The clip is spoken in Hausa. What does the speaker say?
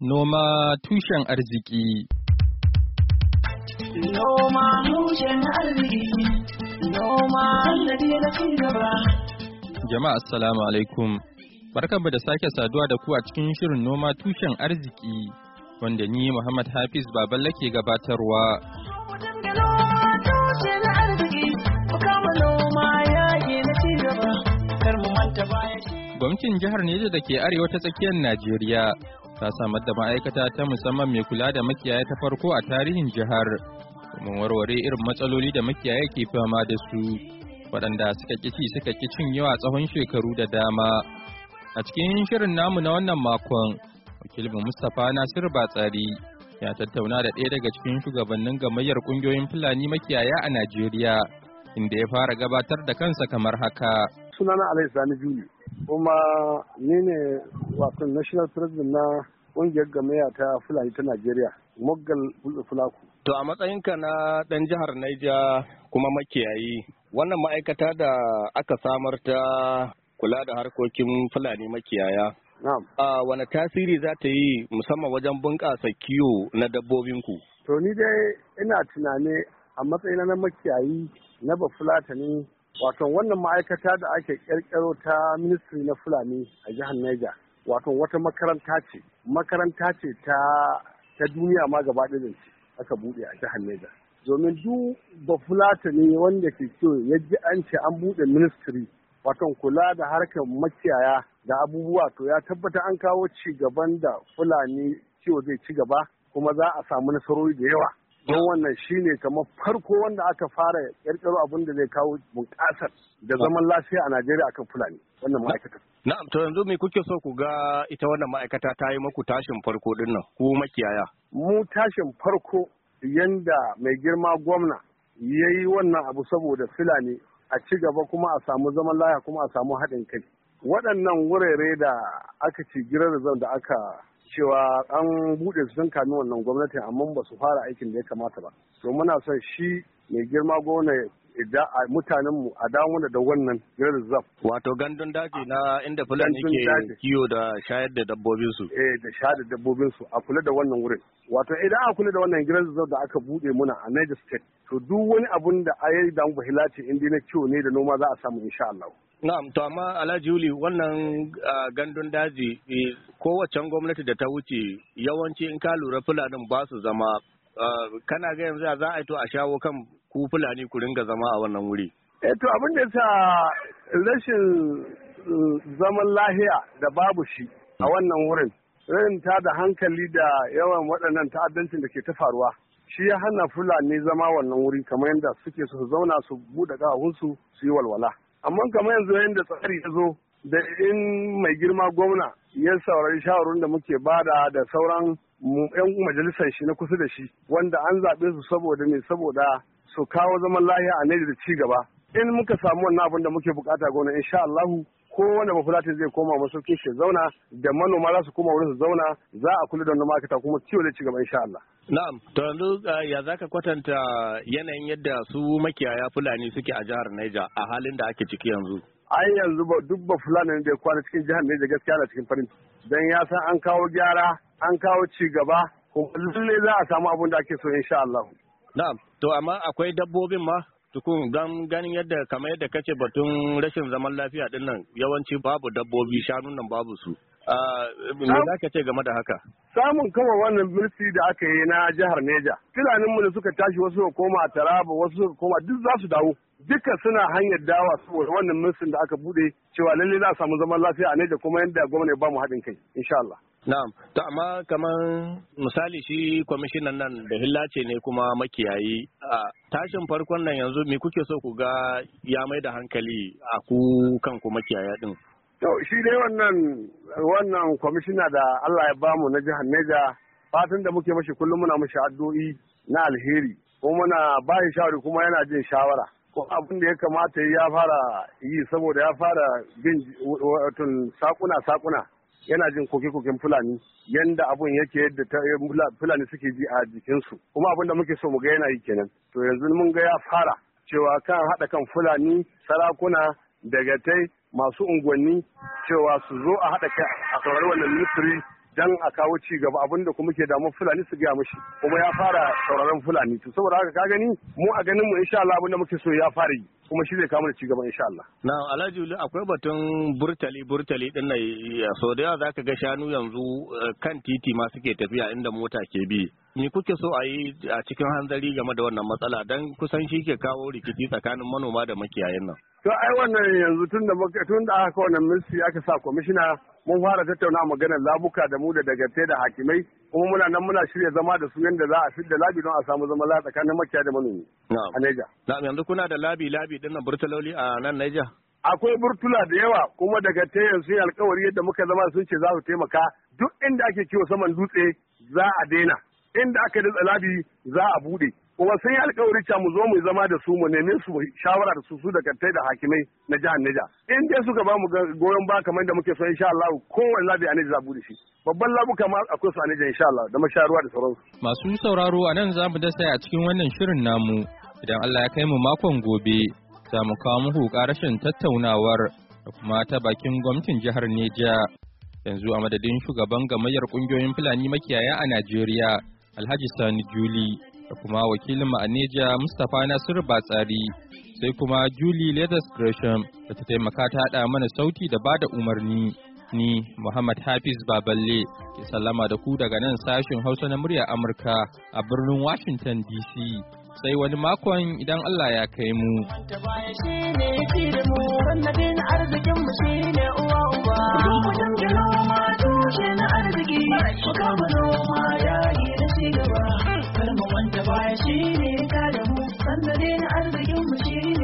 Noma tushen arziki. Noma tushen arziki. Noma Jama'a assalamu alaikum. Barkanmu da sake saduwa da ku a cikin shirin noma tushen arziki wanda ni Muhammad Hafiz baban ke gabatarwa. Gwamnatin jihar Neja da ke arewa ta tsakiyar Najeriya ta samar da ma'aikata ta musamman mai kula da makiyaya ta farko a tarihin jihar domin warware irin matsaloli da makiyaya ke fama da su waɗanda suka kici suka ƙi cinyewa tsawon shekaru da dama a cikin shirin namu na wannan makon wakilin mustapha Nasir batsari ya tattauna da ɗaya daga cikin shugabannin gamayyar ƙungiyoyin fulani makiyaya a najeriya inda ya fara gabatar da kansa kamar haka sunana juli kuma ni ne wato national president na ƙungiyar gamaya ta fulani ta najeriya moggal fulaku to a matsayinka na ɗan jihar naija kuma makiyayi wannan ma'aikata da aka samar ta kula da harkokin fulani makiyaya a wane tasiri za ta yi musamman wajen bunƙasa kiwo na dabbobinku to ni dai ina tunani a matsayina na makiyayi na ne, wato wannan ma'aikata da ake ƙirƙiro ta ministry na fulani a jihar Niger wato wata makaranta ce makaranta ce ta duniya ma gaba ɗaya ce aka buɗe a jihar Niger domin duk bafulata ne wanda ke so ya ji an ce an buɗe ministry wato kula da harkar makiyaya da abubuwa to ya tabbata an kawo ci gaban da fulani ciwo zai ci gaba kuma za a samu nasarori da yawa don wannan shine kamar farko wanda aka fara kirkiro abin da zai kawo bunƙasar da zaman lafiya a Najeriya akan Fulani wannan ma'aikata. Na'am to yanzu me kuke so ku ga ita wannan ma'aikata ta yi maku tashin farko din nan ku makiyaya. Mu tashin farko yanda mai girma gwamna ya yi wannan abu saboda Fulani a ci gaba kuma a samu zaman lafiya kuma a samu haɗin kai. Waɗannan wurare da aka ci girar da aka cewa an buɗe su sun kami wannan gwamnatin amma ba su fara aikin da ya kamata ba to muna son shi mai girma gona ja a mutanenmu a dawo da wannan green zaf Wato gandun daji na inda fulani ke kiyo da shayar da dabbobin su. Eh da shayar da dabbobin su a kula da wannan wurin. Wato idan a kula da wannan green zaf da aka bude muna a Niger State to duk wani abun da a yi damu hilace inda na kiwo ne da noma za a samu insha Allah. Na'am, to amma Alhaji Yuli wannan gandun daji e, kowace gwamnati da ta wuce yawanci in ka lura fulanin ba su zama kana ga yanzu za a yi to a shawo kan ku fulani ku ringa zama a wannan wuri eh abin da yasa rashin eh, zaman lahiya da babu shi a wannan wurin Rin ta da hankali da yawan waɗannan ta'addancin da ke ta faruwa shi ya hana fulani zama wannan wuri kamar yadda suke su zauna su buɗe ƙahunsu su yi walwala amma kamar yanzu yadda tsari ya zo da in mai girma gwamna ya saurari shawarun da muke bada da sauran 'yan majalisar shi na kusa da shi wanda an zaɓe su saboda ne saboda su kawo zaman lahiya a da ci gaba in muka samu wannan abin da muke bukata gona insha Allahu wanda bafulatin zai koma masauki shi zauna da manoma za su koma wurin su zauna za a kula da wannan makata kuma ciwo zai ci gaba insha Allah. Na'am, to yanzu uh, ya zaka kwatanta yanayin yadda su makiyaya Fulani suke a jihar Niger a halin da ake ciki yanzu? Ai yanzu ba duk ba Fulani da ya kwana cikin jihar Niger gaskiya na cikin farin dan ya san an kawo gyara, an kawo ci gaba, kuma lalle za a samu abin da ake so insha Allah. Na'am, to amma akwai dabbobin ma tukun don ganin yadda kamar yadda kace batun rashin zaman lafiya din nan yawanci babu dabbobi shanun nan babu su. Ah, me za ka ce game da haka? Samun kama wannan birsi da aka yi na jihar Neja. Tunaninmu da suka tashi wasu suka koma Taraba wasu suka koma duk za su dawo. duka suna hanyar dawa saboda wannan mulkin da aka bude cewa lalle za a samu zaman lafiya a Neja kuma yadda gwamnati ba mu haɗin kai insha Allah Na'am, to amma kamar misali shi kwamishinan nan da hillace ne kuma makiyayi a tashin farkon nan yanzu me kuke so ku ga ya mai da hankali a ku kanku makiyaya din. To shi dai wannan wannan kwamishina da Allah ya bamu na jihar Neja fatan da muke mashi kullum muna mashi addu'i na alheri kuma muna ba shawari kuma yana jin shawara. ko abin da ya kamata ya fara yi saboda ya fara bin sakuna sakuna yana jin koke-koken fulani yanda abun yake yadda eh, fulani suke ji a jikinsu kuma abin da muke so mu ga yana yi kenan to yanzu mun ga ya fara cewa kan haɗa kan fulani sarakuna dagatai masu unguwanni cewa su zo a haɗa kai a saurari wannan ministry dan a kawo ci gaba abin da kuma ke damun fulani su gaya mashi kuma ya fara sauraron fulani to saboda haka ka gani mu a ganin mu insha Allah abin da muke so ya fara yi kuma shi zai kama da cigaba insha Allah. Na Alhaji Ulu akwai batun burtali burtali din nan so da yawa zaka ga shanu yanzu eh, kan titi ma suke tafiya inda mota ke bi. Ni kuke so a yi a cikin hanzari game da wannan matsala don kusan shi ke kawo rikici tsakanin manoma da makiyayan nan. To ai wannan yanzu tun da tun da aka wannan ministry aka sa kwamishina mun fara tattauna maganar labuka da mu da dagatai da hakimai kuma muna nan muna shirya zama da su yadda za a fi da labi don a samu zama la tsakanin makiyaya da manomi a Neja. Na yanzu kuna da labi labi dinnan burtaloli a nan Neja? Akwai burtula da yawa kuma daga tayan sun alkawari yadda muka zama sun ce za su taimaka duk inda ake kiwo saman dutse za a daina. inda aka da tsalabi za a bude kuma sun yi alkawari cewa mu zo mu zama da su mu neme su shawara da su su da kattai da hakimai na jihar Nija. in dai suka ba mu goyon ba kamar da muke so insha Allah kowanne labi a Neja za bude shi babban labuka ma akwai su a Neja insha Allah da masharuwa da sauransu masu sauraro a nan za mu dasa a cikin wannan shirin namu idan Allah ya kai mu makon gobe za mu kawo muku karashin tattaunawar da kuma ta bakin gwamnatin jihar Neja yanzu a madadin shugaban gamayyar kungiyoyin Fulani makiyaya a Najeriya alhaji sani juli da kuma wakilin ma'aneja mustapha nasiru batsari sai kuma julie leathers gresham da ta taimaka ta haɗa mana sauti da ba da umarni ni muhammad hafiz baballe ke sallama da ku daga nan sashin hausa na murya amurka a birnin washington dc sai wani makon idan allah ya kai mu arzikin Washi shi ne ya da mu sanda na arzikin mu shi